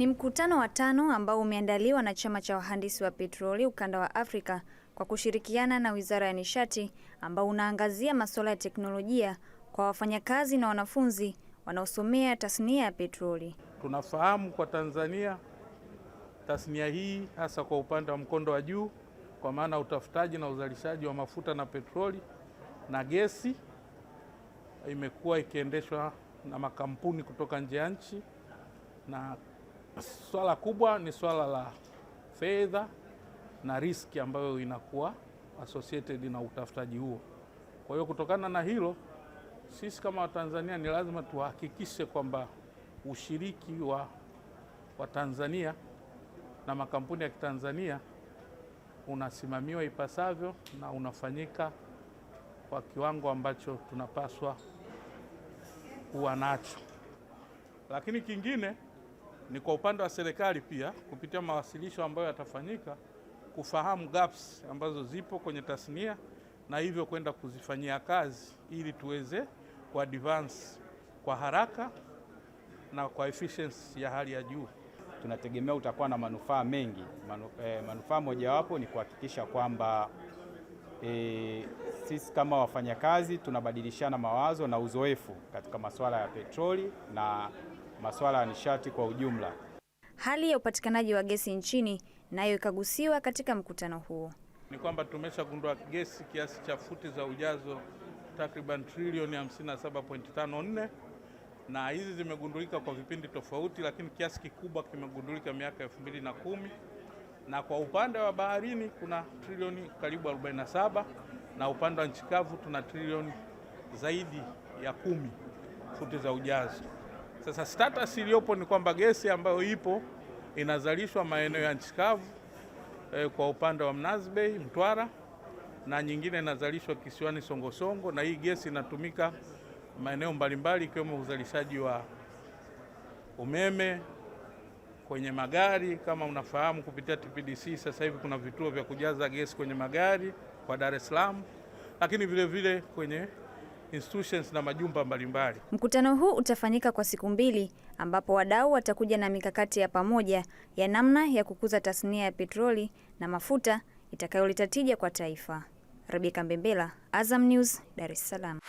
Ni mkutano wa tano ambao umeandaliwa na chama cha wahandisi wa petroli ukanda wa Afrika kwa kushirikiana na Wizara ya Nishati ambao unaangazia masuala ya teknolojia kwa wafanyakazi na wanafunzi wanaosomea tasnia ya petroli. Tunafahamu kwa Tanzania tasnia hii hasa kwa upande wa mkondo wa juu kwa maana utafutaji na uzalishaji wa mafuta na petroli na gesi imekuwa ikiendeshwa na makampuni kutoka nje ya nchi na Swala kubwa ni swala la fedha na riski ambayo inakuwa associated na utafutaji huo. Kwa hiyo kutokana na hilo, sisi kama Watanzania ni lazima tuhakikishe kwamba ushiriki wa Watanzania na makampuni ya Kitanzania unasimamiwa ipasavyo na unafanyika kwa kiwango ambacho tunapaswa kuwa nacho. Lakini kingine ni kwa upande wa serikali pia kupitia mawasilisho ambayo yatafanyika kufahamu gaps ambazo zipo kwenye tasnia na hivyo kwenda kuzifanyia kazi ili tuweze ku advance kwa haraka na kwa efficiency ya hali ya juu. Tunategemea utakuwa na manufaa mengi. Manu, eh, manufaa mojawapo ni kuhakikisha kwamba eh, sisi kama wafanyakazi tunabadilishana mawazo na uzoefu katika masuala ya petroli na masuala ya nishati kwa ujumla. Hali ya upatikanaji wa gesi nchini nayo ikagusiwa katika mkutano huo. Ni kwamba tumeshagundua gesi kiasi cha futi za ujazo takriban trilioni 57.54 na hizi zimegundulika kwa vipindi tofauti, lakini kiasi kikubwa kimegundulika miaka elfu na kumi na kwa upande wa baharini kuna trilioni karibu 47 na upande wa nchi kavu tuna trilioni zaidi ya kumi futi za ujazo. Sasa status iliyopo ni kwamba gesi ambayo ipo inazalishwa maeneo ya nchi kavu eh, kwa upande wa Mnazi Bay, Mtwara na nyingine inazalishwa kisiwani Songosongo, na hii gesi inatumika maeneo mbalimbali ikiwemo uzalishaji wa umeme kwenye magari. Kama unafahamu kupitia TPDC sasa hivi kuna vituo vya kujaza gesi kwenye magari kwa Dar es Salaam, lakini vilevile vile kwenye institutions na majumba mbalimbali. Mkutano huu utafanyika kwa siku mbili ambapo wadau watakuja na mikakati ya pamoja ya namna ya kukuza tasnia ya petroli na mafuta itakayoleta tija kwa taifa. Rebeka Mbembela, Azam News, Dar es Salaam.